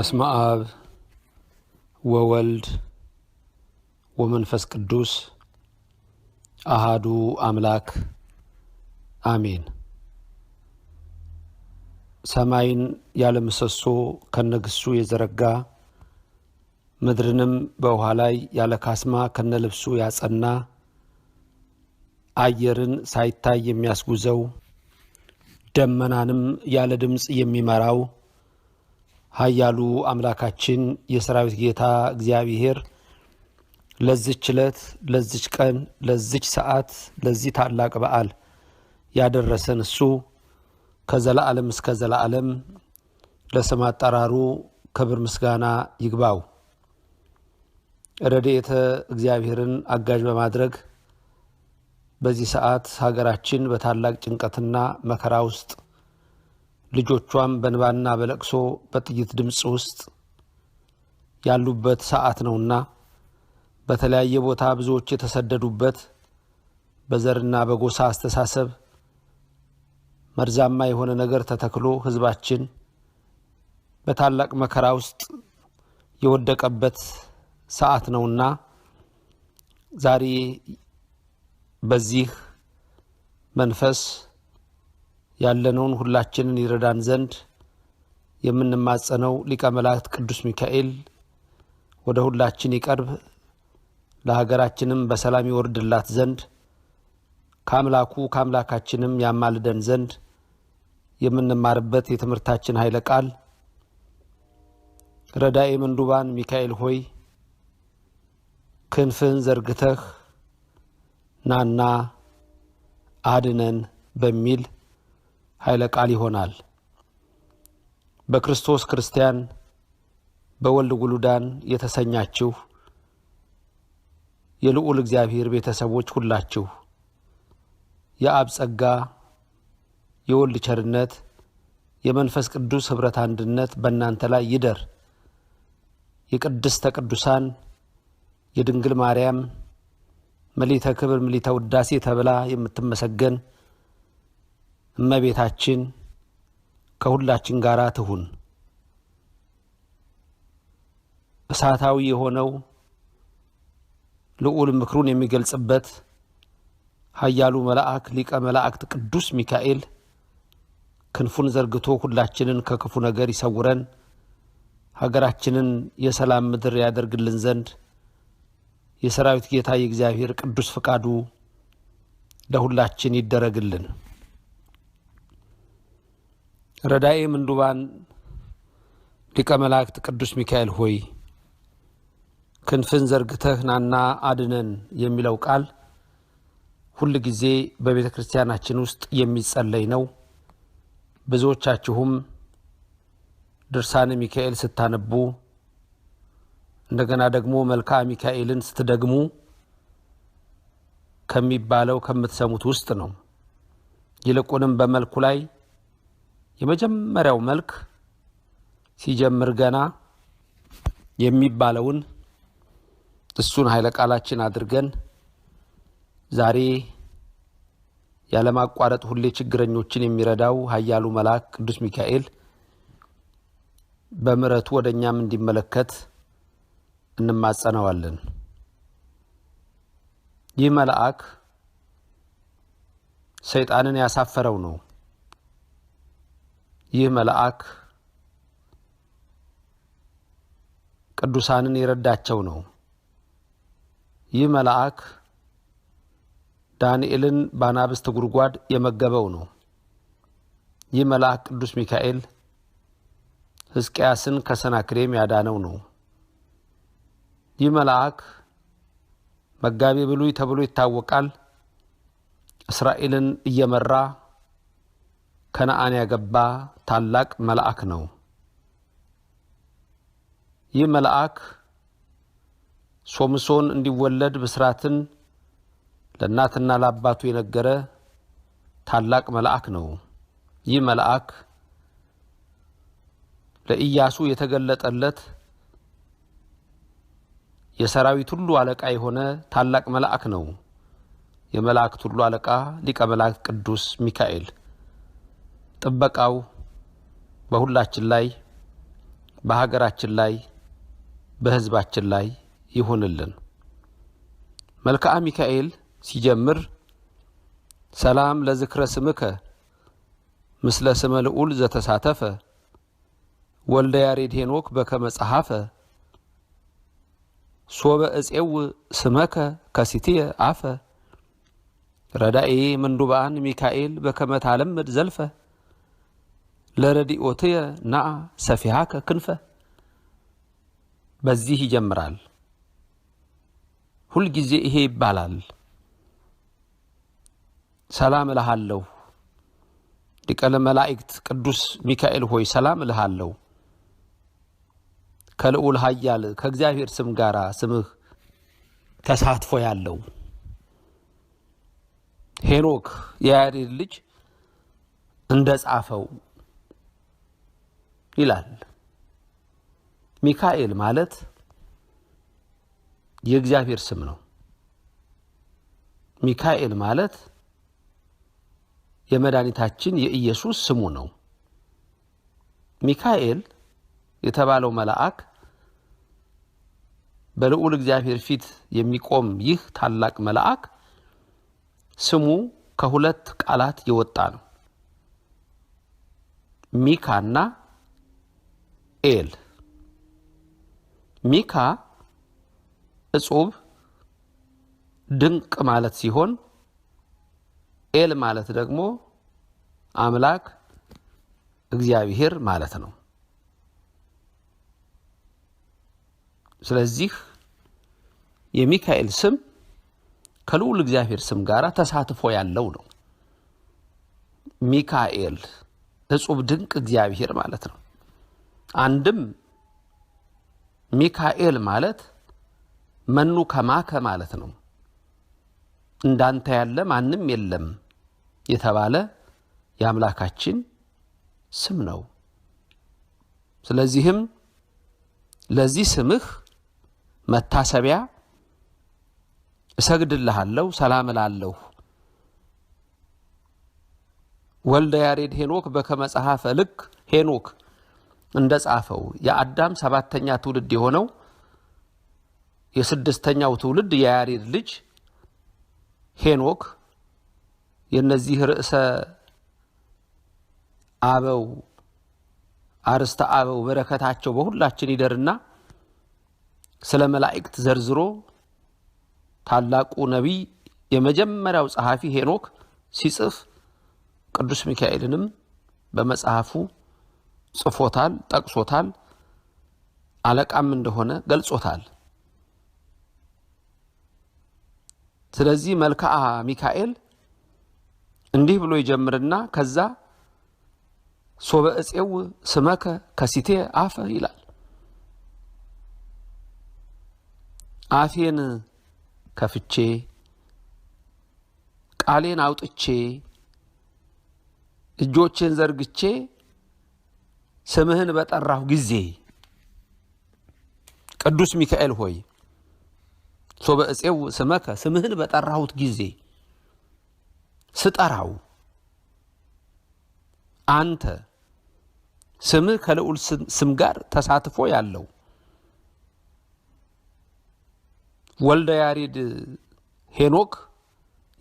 በስመ አብ ወወልድ ወመንፈስ ቅዱስ አሃዱ አምላክ አሜን። ሰማይን ያለ ምሰሶ ከነግሱ የዘረጋ ምድርንም በውኃ ላይ ያለ ካስማ ከነልብሱ ያጸና አየርን ሳይታይ የሚያስጉዘው ደመናንም ያለ ድምፅ የሚመራው ኃያሉ አምላካችን የሰራዊት ጌታ እግዚአብሔር ለዚች ዕለት ለዚች ቀን ለዚች ሰዓት ለዚህ ታላቅ በዓል ያደረሰን እሱ ከዘላዓለም እስከ ዘላዓለም ለስም አጠራሩ ክብር ምስጋና ይግባው። ረድኤተ እግዚአብሔርን አጋዥ በማድረግ በዚህ ሰዓት ሀገራችን በታላቅ ጭንቀትና መከራ ውስጥ ልጆቿም በንባና በለቅሶ በጥይት ድምፅ ውስጥ ያሉበት ሰዓት ነውና በተለያየ ቦታ ብዙዎች የተሰደዱበት በዘርና በጎሳ አስተሳሰብ መርዛማ የሆነ ነገር ተተክሎ ሕዝባችን በታላቅ መከራ ውስጥ የወደቀበት ሰዓት ነውና ዛሬ በዚህ መንፈስ ያለነውን ሁላችንን ይረዳን ዘንድ የምንማጸነው ሊቀ መላእክት ቅዱስ ሚካኤል ወደ ሁላችን ይቀርብ፣ ለሀገራችንም በሰላም ይወርድላት ዘንድ ከአምላኩ ከአምላካችንም ያማልደን ዘንድ የምንማርበት የትምህርታችን ኃይለ ቃል ረዳኤ ምንዱባን ሚካኤል ሆይ ክንፍህን ዘርግተህ ናና አድነን በሚል ኃይለ ቃል ይሆናል። በክርስቶስ ክርስቲያን በወልድ ጉሉዳን የተሰኛችሁ የልዑል እግዚአብሔር ቤተሰቦች ሁላችሁ የአብ ጸጋ የወልድ ቸርነት የመንፈስ ቅዱስ ኅብረት አንድነት በእናንተ ላይ ይደር። የቅድስተ ቅዱሳን የድንግል ማርያም መሊተ ክብር ምሊተ ውዳሴ ተብላ የምትመሰገን እመቤታችን ከሁላችን ጋር ትሁን። እሳታዊ የሆነው ልዑል ምክሩን የሚገልጽበት ኃያሉ መልአክ ሊቀ መላእክት ቅዱስ ሚካኤል ክንፉን ዘርግቶ ሁላችንን ከክፉ ነገር ይሰውረን፣ ሀገራችንን የሰላም ምድር ያደርግልን ዘንድ የሰራዊት ጌታ የእግዚአብሔር ቅዱስ ፍቃዱ ለሁላችን ይደረግልን። ረዳኤ ምንዱባን ሊቀ መላእክት ቅዱስ ሚካኤል ሆይ ክንፍን ዘርግተህ ናና አድነን የሚለው ቃል ሁል ጊዜ በቤተ ክርስቲያናችን ውስጥ የሚጸለይ ነው። ብዙዎቻችሁም ድርሳነ ሚካኤል ስታነቡ እንደገና ደግሞ መልክአ ሚካኤልን ስትደግሙ ከሚባለው ከምትሰሙት ውስጥ ነው። ይልቁንም በመልኩ ላይ የመጀመሪያው መልክ ሲጀምር ገና የሚባለውን እሱን ኃይለ ቃላችን አድርገን ዛሬ ያለማቋረጥ ሁሌ ችግረኞችን የሚረዳው ኃያሉ መልአክ ቅዱስ ሚካኤል በምረቱ ወደ እኛም እንዲመለከት እንማጸነዋለን። ይህ መልአክ ሰይጣንን ያሳፈረው ነው። ይህ መልአክ ቅዱሳንን የረዳቸው ነው። ይህ መልአክ ዳንኤልን በአናብስት ጉድጓድ የመገበው ነው። ይህ መልአክ ቅዱስ ሚካኤል ሕዝቅያስን ከሰናክሬም ያዳነው ነው። ይህ መልአክ መጋቤ ብሉይ ተብሎ ይታወቃል። እስራኤልን እየመራ ከነአን ያገባ ታላቅ መልአክ ነው። ይህ መልአክ ሶምሶን እንዲወለድ ብስራትን ለእናትና ለአባቱ የነገረ ታላቅ መልአክ ነው። ይህ መልአክ ለኢያሱ የተገለጠለት የሰራዊት ሁሉ አለቃ የሆነ ታላቅ መልአክ ነው። የመላእክት ሁሉ አለቃ ሊቀ መላእክት ቅዱስ ሚካኤል ጥበቃው በሁላችን ላይ በሀገራችን ላይ በህዝባችን ላይ ይሁንልን። መልክዓ ሚካኤል ሲጀምር ሰላም ለዝክረ ስምከ ምስለ ስመ ልዑል ዘተሳተፈ ወልደ ያሬድ ሄኖክ በከመ ጸሐፈ ሶበ እፄው ስመከ ከሲትየ አፈ ረዳኤ ምንዱባን ሚካኤል በከመ ታለምድ ዘልፈ ለረዲኦትየ ነአ ሰፊሃከ ክንፈ በዚህ ይጀምራል። ሁልጊዜ ይሄ ይባላል። ሰላም እልሃለሁ ሊቀለ መላእክት ቅዱስ ሚካኤል ሆይ ሰላም እልሃለሁ። ከልዑል ኃያል ከእግዚአብሔር ስም ጋር ስምህ ተሳትፎ ያለው ሄኖክ የያሬድ ልጅ እንደ ጻፈው ይላል። ሚካኤል ማለት የእግዚአብሔር ስም ነው። ሚካኤል ማለት የመድኃኒታችን የኢየሱስ ስሙ ነው። ሚካኤል የተባለው መልአክ በልዑል እግዚአብሔር ፊት የሚቆም ይህ ታላቅ መልአክ ስሙ ከሁለት ቃላት የወጣ ነው። ሚካና ኤል ሚካ እጹብ ድንቅ ማለት ሲሆን ኤል ማለት ደግሞ አምላክ እግዚአብሔር ማለት ነው። ስለዚህ የሚካኤል ስም ከልዑል እግዚአብሔር ስም ጋር ተሳትፎ ያለው ነው። ሚካኤል እጹብ ድንቅ እግዚአብሔር ማለት ነው። አንድም ሚካኤል ማለት መኑ ከማከ ማለት ነው። እንዳንተ ያለ ማንም የለም የተባለ የአምላካችን ስም ነው። ስለዚህም ለዚህ ስምህ መታሰቢያ እሰግድልሃለሁ፣ ሰላም እላለሁ። ወልደ ያሬድ ሄኖክ በከመጽሐፈ ልክ ሄኖክ እንደ ጻፈው የአዳም ሰባተኛ ትውልድ የሆነው የስድስተኛው ትውልድ የያሬድ ልጅ ሄኖክ የእነዚህ ርዕሰ አበው አርስተ አበው በረከታቸው በሁላችን ይደርና ስለ መላእክት ዘርዝሮ ታላቁ ነቢይ የመጀመሪያው ጸሐፊ ሄኖክ ሲጽፍ ቅዱስ ሚካኤልንም በመጽሐፉ ጽፎታል፣ ጠቅሶታል፣ አለቃም እንደሆነ ገልጾታል። ስለዚህ መልክዓ ሚካኤል እንዲህ ብሎ ይጀምርና ከዛ ሶበ እጼው ስመከ ከሲቴ አፈ ይላል። አፌን ከፍቼ ቃሌን አውጥቼ እጆቼን ዘርግቼ ስምህን በጠራሁ ጊዜ ቅዱስ ሚካኤል ሆይ ሶበእፄው ስመከ ስምህን በጠራሁት ጊዜ ስጠራው አንተ ስምህ ከልዑል ስም ጋር ተሳትፎ ያለው ወልደ ያሬድ ሄኖክ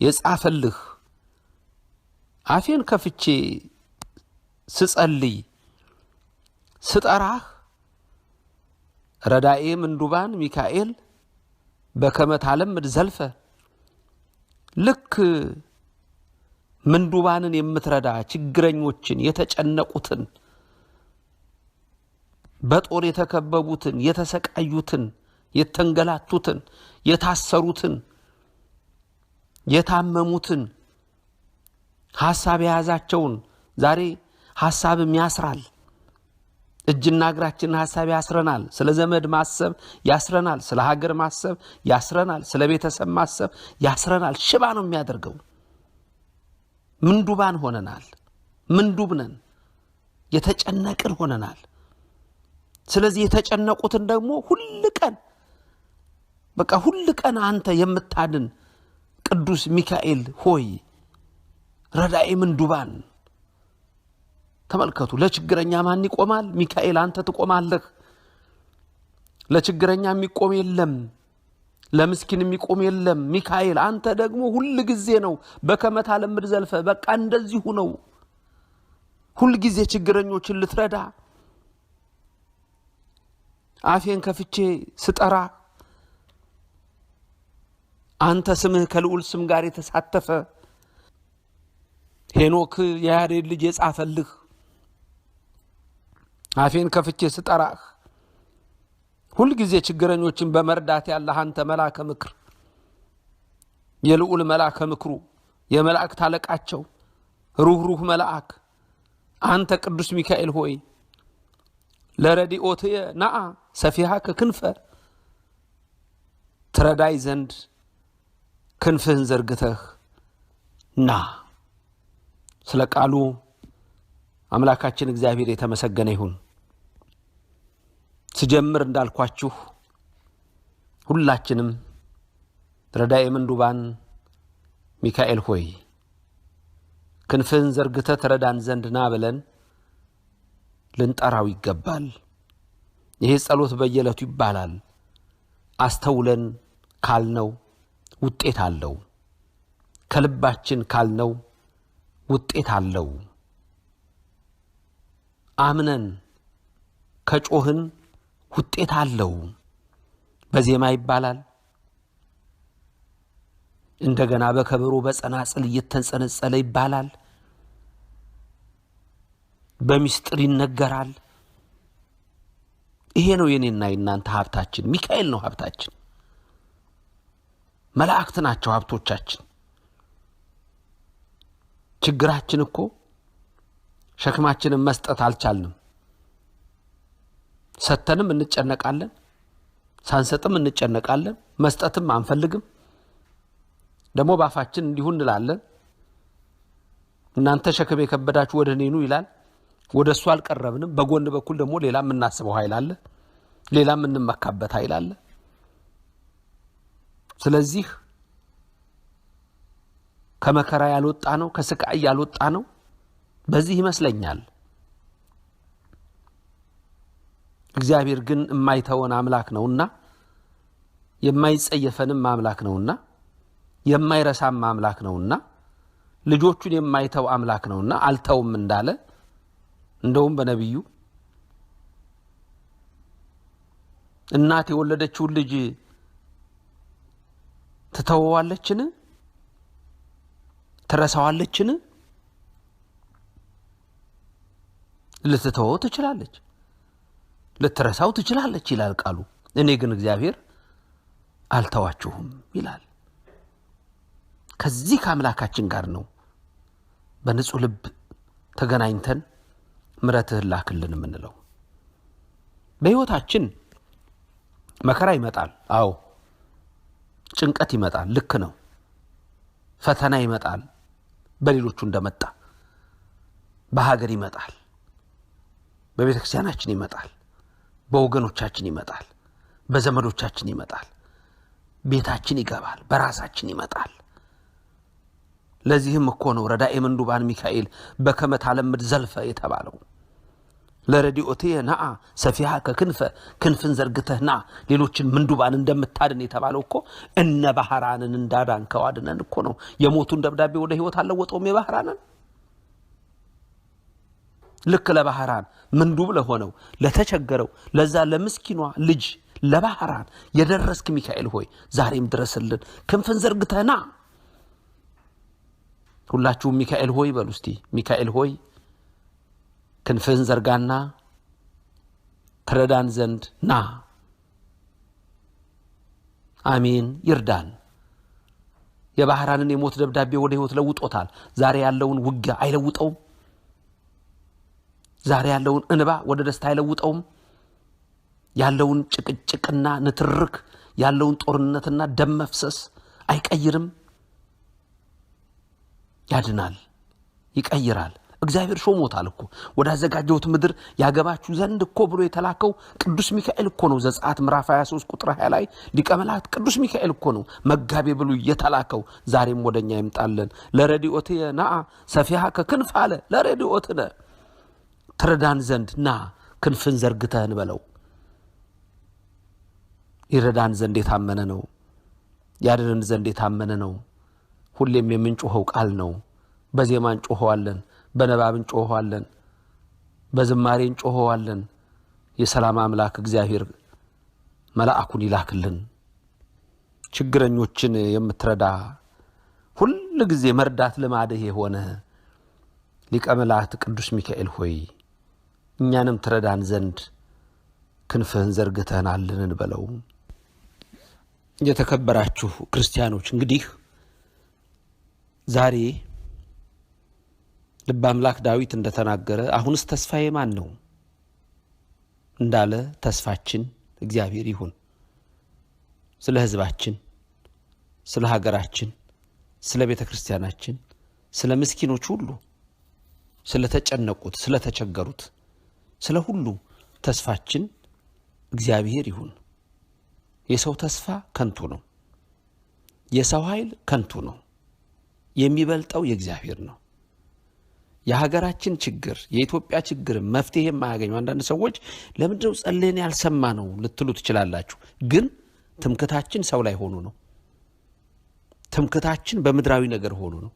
የጻፈልህ አፌን ከፍቼ ስጸልይ ስጠራህ ረዳኤ ምንዱባን ሚካኤል በከመት አለምድ ዘልፈ ልክ ምንዱባንን የምትረዳ ችግረኞችን፣ የተጨነቁትን፣ በጦር የተከበቡትን፣ የተሰቃዩትን፣ የተንገላቱትን፣ የታሰሩትን፣ የታመሙትን ሀሳብ የያዛቸውን ዛሬ ሀሳብም ያስራል። እጅና እግራችንን ሀሳብ ያስረናል። ስለ ዘመድ ማሰብ ያስረናል። ስለ ሀገር ማሰብ ያስረናል። ስለ ቤተሰብ ማሰብ ያስረናል። ሽባ ነው የሚያደርገው። ምንዱባን ሆነናል። ምንዱብ ነን። የተጨነቅን ሆነናል። ስለዚህ የተጨነቁትን ደግሞ ሁል ቀን በቃ ሁል ቀን አንተ የምታድን ቅዱስ ሚካኤል ሆይ ረዳኤ ምንዱባን ተመልከቱ። ለችግረኛ ማን ይቆማል? ሚካኤል አንተ ትቆማለህ። ለችግረኛ የሚቆም የለም፣ ለምስኪን የሚቆም የለም። ሚካኤል አንተ ደግሞ ሁል ጊዜ ነው በከመታ ለምድ ዘልፈ በቃ እንደዚሁ ነው። ሁል ጊዜ ችግረኞችን ልትረዳ አፌን ከፍቼ ስጠራ አንተ ስምህ ከልዑል ስም ጋር የተሳተፈ ሄኖክ የያሬድ ልጅ የጻፈልህ አፌን ከፍቼ ስጠራህ ሁልጊዜ ችግረኞችን በመርዳት ያለህ አንተ መላከ ምክር የልዑል መላከ ምክሩ የመላእክት አለቃቸው ሩህሩህ መልአክ አንተ ቅዱስ ሚካኤል ሆይ ለረዲኦትየ ናአ ሰፊሃ ከክንፈ ትረዳይ ዘንድ ክንፍህን ዘርግተህ ና ስለ ቃሉ አምላካችን እግዚአብሔር የተመሰገነ ይሁን። ስጀምር እንዳልኳችሁ ሁላችንም ረዳኤ ምንዱባን ሚካኤል ሆይ ክንፍህን ዘርግተ ተረዳን ዘንድ ና ብለን ልንጠራው ይገባል። ይሄ ጸሎት በየዕለቱ ይባላል። አስተውለን ካልነው ውጤት አለው። ከልባችን ካልነው ውጤት አለው። አምነን ከጮህን ውጤት አለው። በዜማ ይባላል። እንደገና በከበሮ በጸናጽል እየተንጸነጸለ ይባላል። በሚስጥር ይነገራል። ይሄ ነው የኔና የእናንተ ሀብታችን። ሚካኤል ነው ሀብታችን። መላእክት ናቸው ሀብቶቻችን። ችግራችን እኮ ሸክማችንን መስጠት አልቻልንም። ሰተንም እንጨነቃለን፣ ሳንሰጥም እንጨነቃለን፣ መስጠትም አንፈልግም። ደግሞ ባፋችን እንዲሁ እንላለን። እናንተ ሸክም የከበዳችሁ ወደ እኔ ይላል። ወደ እሱ አልቀረብንም። በጎን በኩል ደግሞ ሌላ የምናስበው ኃይል አለ፣ ሌላ የምንመካበት ኃይል አለ። ስለዚህ ከመከራ ያልወጣ ነው፣ ከስቃይ ያልወጣ ነው በዚህ ይመስለኛል። እግዚአብሔር ግን የማይተወን አምላክ ነውና የማይጸየፈንም አምላክ ነውና የማይረሳም አምላክ ነውና ልጆቹን የማይተው አምላክ ነውና አልተውም እንዳለ እንደውም በነቢዩ እናት የወለደችውን ልጅ ትተወዋለችን? ትረሳዋለችን? ልትተወው ትችላለች፣ ልትረሳው ትችላለች ይላል ቃሉ። እኔ ግን እግዚአብሔር አልተዋችሁም ይላል። ከዚህ ከአምላካችን ጋር ነው በንጹህ ልብ ተገናኝተን ምረትህን ላክልን የምንለው። በሕይወታችን መከራ ይመጣል። አዎ ጭንቀት ይመጣል። ልክ ነው። ፈተና ይመጣል። በሌሎቹ እንደመጣ በሀገር ይመጣል። በቤተ ክርስቲያናችን ይመጣል፣ በወገኖቻችን ይመጣል፣ በዘመዶቻችን ይመጣል፣ ቤታችን ይገባል፣ በራሳችን ይመጣል። ለዚህም እኮ ነው ረዳኤ ምንዱባን ሚካኤል በከመ ታለምድ ዘልፈ የተባለው። ለረዲኦቴ ና ሰፊሃ ከክንፈ ክንፍን ዘርግተህ ና ሌሎችን ምንዱባን እንደምታድን የተባለው እኮ እነ ባህራንን እንዳዳንከው አድነን እኮ ነው። የሞቱን ደብዳቤ ወደ ህይወት አለወጠውም የባህራንን ልክ ለባህራን ምንዱብ ለሆነው ለተቸገረው ለዛ ለምስኪኗ ልጅ ለባህራን የደረስክ ሚካኤል ሆይ ዛሬም ድረስልን፣ ክንፍን ዘርግተና። ሁላችሁም ሚካኤል ሆይ በሉ እስቲ። ሚካኤል ሆይ ክንፍህን ዘርጋና ትረዳን ዘንድ ና። አሜን። ይርዳን። የባህራንን የሞት ደብዳቤ ወደ ህይወት ለውጦታል። ዛሬ ያለውን ውጊያ አይለውጠውም። ዛሬ ያለውን እንባ ወደ ደስታ አይለውጠውም። ያለውን ጭቅጭቅና ንትርክ፣ ያለውን ጦርነትና ደም መፍሰስ አይቀይርም። ያድናል፣ ይቀይራል። እግዚአብሔር ሾሞታል እኮ ወዳዘጋጀሁት ምድር ያገባችሁ ዘንድ እኮ ብሎ የተላከው ቅዱስ ሚካኤል እኮ ነው። ዘጸአት ምዕራፍ 23 ቁጥር 20 ላይ ሊቀ መላእክት ቅዱስ ሚካኤል እኮ ነው መጋቤ ብሎ የተላከው። ዛሬም ወደኛ ይምጣለን። ለረድኤትየ ናአ ሰፊሃ ከክንፍ አለ ነ ትረዳን ዘንድ ና ክንፍን ዘርግተህን በለው። ይረዳን ዘንድ የታመነ ነው። ያድንን ዘንድ የታመነ ነው። ሁሌም የምንጮኸው ቃል ነው። በዜማ እንጮኸዋለን፣ በነባብ እንጮኸዋለን፣ በዝማሬ እንጮኸዋለን። የሰላም አምላክ እግዚአብሔር መላአኩን ይላክልን። ችግረኞችን የምትረዳ ሁል ጊዜ መርዳት ልማድህ የሆነ ሊቀ መላእክት ቅዱስ ሚካኤል ሆይ እኛንም ትረዳን ዘንድ ክንፍህን ዘርግተህናልን በለው። የተከበራችሁ ክርስቲያኖች እንግዲህ ዛሬ ልበ አምላክ ዳዊት እንደተናገረ አሁንስ ተስፋዬ ማን ነው እንዳለ ተስፋችን እግዚአብሔር ይሁን። ስለ ሕዝባችን፣ ስለ ሀገራችን፣ ስለ ቤተ ክርስቲያናችን፣ ስለ ምስኪኖች ሁሉ፣ ስለ ተጨነቁት፣ ስለ ተቸገሩት ስለ ሁሉ ተስፋችን እግዚአብሔር ይሁን። የሰው ተስፋ ከንቱ ነው። የሰው ኃይል ከንቱ ነው። የሚበልጠው የእግዚአብሔር ነው። የሀገራችን ችግር የኢትዮጵያ ችግር መፍትሄ የማያገኙ አንዳንድ ሰዎች ለምንድነው ጸልየን ያልሰማ ነው ልትሉ ትችላላችሁ። ግን ትምክታችን ሰው ላይ ሆኑ ነው። ትምክታችን በምድራዊ ነገር ሆኑ ነው።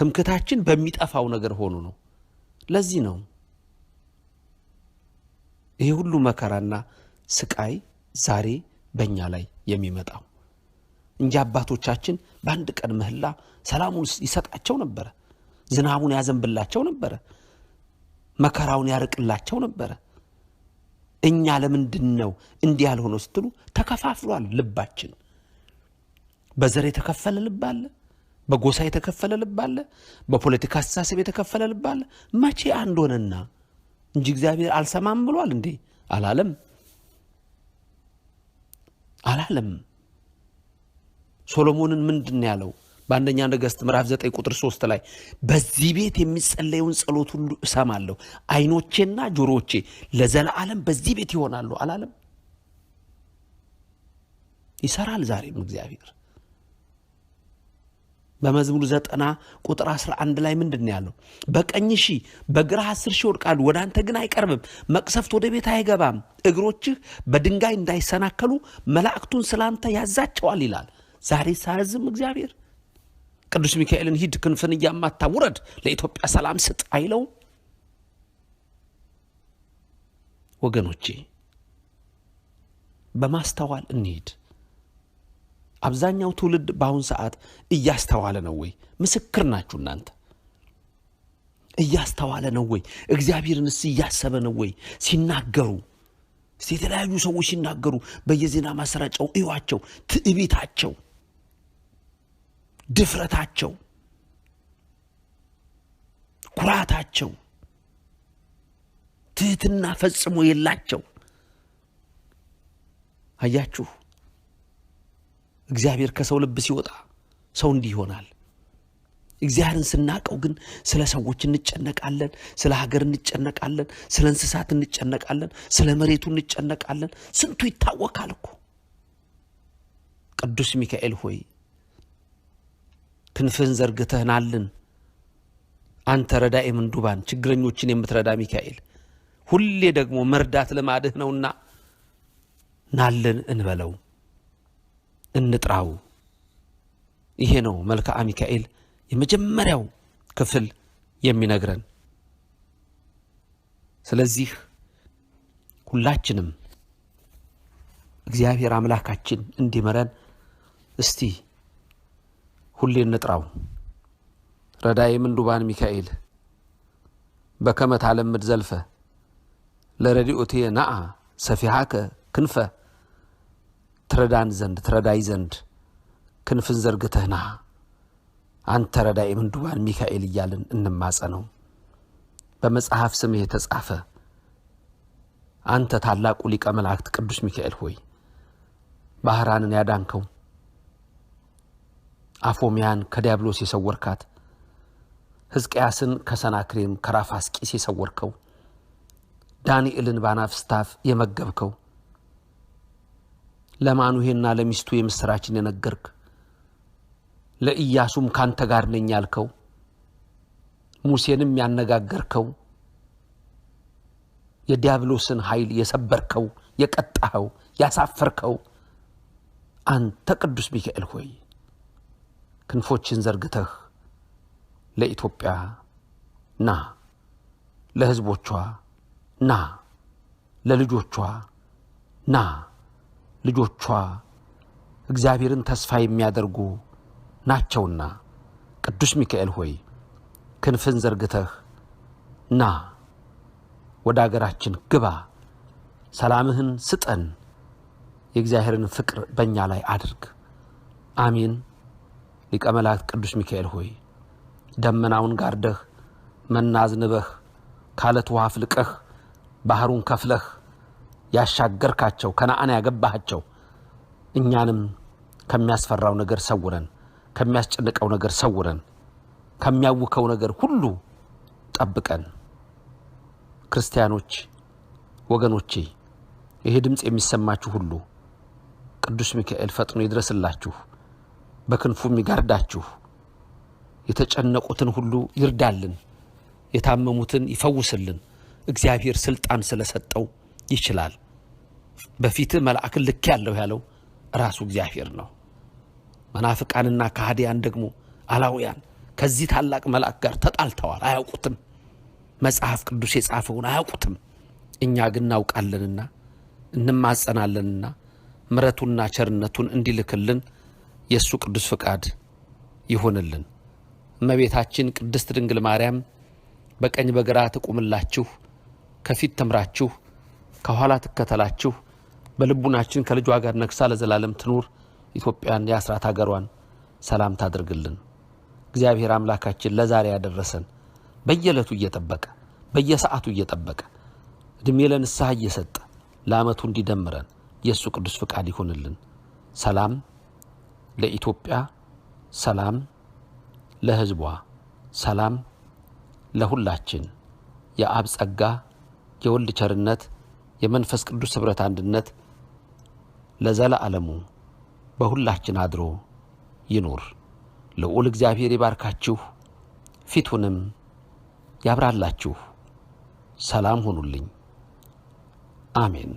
ትምክታችን በሚጠፋው ነገር ሆኑ ነው። ለዚህ ነው ይህ ሁሉ መከራና ስቃይ ዛሬ በእኛ ላይ የሚመጣው እንጂ አባቶቻችን በአንድ ቀን ምህላ ሰላሙን ይሰጣቸው ነበረ። ዝናቡን ያዘንብላቸው ነበረ። መከራውን ያርቅላቸው ነበረ። እኛ ለምንድን ነው እንዲህ ያልሆነው ስትሉ፣ ተከፋፍሏል ልባችን። በዘር የተከፈለ ልብ አለ፣ በጎሳ የተከፈለ ልብ አለ፣ በፖለቲካ አስተሳሰብ የተከፈለ ልብ አለ። መቼ አንድ ሆነና እንጂ እግዚአብሔር አልሰማም ብሏል እንዴ? አላለም አላለም። ሶሎሞንን ምንድን ያለው? በአንደኛ ነገሥት ምዕራፍ 9 ቁጥር 3 ላይ በዚህ ቤት የሚጸለየውን ጸሎት ሁሉ እሰማለሁ፣ አይኖቼና ጆሮቼ ለዘላለም በዚህ ቤት ይሆናሉ አላለም? ይሰራል ዛሬም እግዚአብሔር። በመዝሙር ዘጠና ቁጥር 11 ላይ ምንድን ያለው? በቀኝ ሺ በግራ አስር ሺ ይወድቃሉ፣ ወደ አንተ ግን አይቀርብም። መቅሰፍት ወደ ቤት አይገባም። እግሮችህ በድንጋይ እንዳይሰናከሉ መላእክቱን ስላንተ ያዛቸዋል ይላል። ዛሬ ሳያዝም እግዚአብሔር ቅዱስ ሚካኤልን ሂድ ክንፍን እያማታ ውረድ፣ ለኢትዮጵያ ሰላም ስጥ አይለውም? ወገኖቼ በማስተዋል እንሂድ። አብዛኛው ትውልድ በአሁን ሰዓት እያስተዋለ ነው ወይ? ምስክር ናችሁ እናንተ። እያስተዋለ ነው ወይ? እግዚአብሔርንስ እያሰበ ነው ወይ? ሲናገሩ የተለያዩ ሰዎች ሲናገሩ በየዜና ማሰራጫው እዩዋቸው። ትዕቢታቸው፣ ድፍረታቸው፣ ኩራታቸው፣ ትህትና ፈጽሞ የላቸው። አያችሁ። እግዚአብሔር ከሰው ልብ ሲወጣ ሰው እንዲህ ይሆናል። እግዚአብሔርን ስናቀው ግን ስለ ሰዎች እንጨነቃለን፣ ስለ ሀገር እንጨነቃለን፣ ስለ እንስሳት እንጨነቃለን፣ ስለ መሬቱ እንጨነቃለን። ስንቱ ይታወካል እኮ። ቅዱስ ሚካኤል ሆይ ክንፍህን ዘርግተህናልን። አንተ ረዳኤ ምንዱባን ችግረኞችን የምትረዳ ሚካኤል፣ ሁሌ ደግሞ መርዳት ልማድህ ነውና ናልን እንበለው። እንጥራው። ይሄ ነው መልክዓ ሚካኤል የመጀመሪያው ክፍል የሚነግረን። ስለዚህ ሁላችንም እግዚአብሔር አምላካችን እንዲመረን እስቲ ሁሌ እንጥራው። ረዳይ ምንዱባን ሚካኤል በከመት ታለምድ ዘልፈ ለረድኤቴ ናአ ሰፊሃከ ክንፈ ትረዳን ዘንድ ትረዳይ ዘንድ ክንፍን ዘርግተህና አንተ ረዳይ ምንዱባን ሚካኤል እያልን እንማጸ ነው። በመጽሐፍ ስምህ የተጻፈ አንተ ታላቁ ሊቀ መላእክት ቅዱስ ሚካኤል ሆይ ባህራንን ያዳንከው አፎሚያን ከዲያብሎስ የሰወርካት ሕዝቅያስን ከሰናክሬም ከራፋስቂስ የሰወርከው ዳንኤልን ባናፍስታፍ የመገብከው ለማኑሄና ለሚስቱ የምስራችን የነገርክ ለኢያሱም ካንተ ጋር ነኝ ያልከው ሙሴንም ያነጋገርከው የዲያብሎስን ኃይል የሰበርከው የቀጣኸው ያሳፈርከው አንተ ቅዱስ ሚካኤል ሆይ ክንፎችን ዘርግተህ ለኢትዮጵያ ና፣ ለሕዝቦቿ ና፣ ለልጆቿ ና ልጆቿ እግዚአብሔርን ተስፋ የሚያደርጉ ናቸውና ቅዱስ ሚካኤል ሆይ ክንፍን ዘርግተህ ና ወደ አገራችን ግባ፣ ሰላምህን ስጠን፣ የእግዚአብሔርን ፍቅር በእኛ ላይ አድርግ። አሚን ሊቀ መላእክት ቅዱስ ሚካኤል ሆይ ደመናውን ጋርደህ መና አዝንበህ ካለት ውሃ ፍልቀህ ባህሩን ከፍለህ ያሻገርካቸው ከነአን ያገባሃቸው እኛንም ከሚያስፈራው ነገር ሰውረን፣ ከሚያስጨንቀው ነገር ሰውረን፣ ከሚያውከው ነገር ሁሉ ጠብቀን። ክርስቲያኖች ወገኖቼ፣ ይሄ ድምፅ የሚሰማችሁ ሁሉ ቅዱስ ሚካኤል ፈጥኖ ይድረስላችሁ፣ በክንፉም ይጋርዳችሁ፣ የተጨነቁትን ሁሉ ይርዳልን፣ የታመሙትን ይፈውስልን። እግዚአብሔር ስልጣን ስለሰጠው ይችላል። በፊት መልአክን ልክ ያለው ያለው ራሱ እግዚአብሔር ነው። መናፍቃንና ካህዲያን ደግሞ አላውያን ከዚህ ታላቅ መልአክ ጋር ተጣልተዋል። አያውቁትም፣ መጽሐፍ ቅዱስ የጻፈውን አያውቁትም። እኛ ግን እናውቃለንና እንማጸናለንና ምረቱና ቸርነቱን እንዲልክልን የእሱ ቅዱስ ፍቃድ ይሁንልን። እመቤታችን ቅድስት ድንግል ማርያም በቀኝ በግራ ትቁምላችሁ፣ ከፊት ትምራችሁ ከኋላ ትከተላችሁ። በልቡናችን ከልጇ ጋር ነግሳ ለዘላለም ትኑር። ኢትዮጵያን የአስራት ሀገሯን ሰላም ታድርግልን። እግዚአብሔር አምላካችን ለዛሬ ያደረሰን በየዕለቱ እየጠበቀ በየሰዓቱ እየጠበቀ ዕድሜ ለንስሐ እየሰጠ ለዓመቱ እንዲደምረን የእሱ ቅዱስ ፍቃድ ይሁንልን። ሰላም ለኢትዮጵያ፣ ሰላም ለሕዝቧ፣ ሰላም ለሁላችን። የአብ ጸጋ የወልድ ቸርነት የመንፈስ ቅዱስ ኅብረት አንድነት ለዘላለሙ በሁላችን አድሮ ይኑር። ልዑል እግዚአብሔር ይባርካችሁ፣ ፊቱንም ያብራላችሁ። ሰላም ሁኑልኝ። አሜን።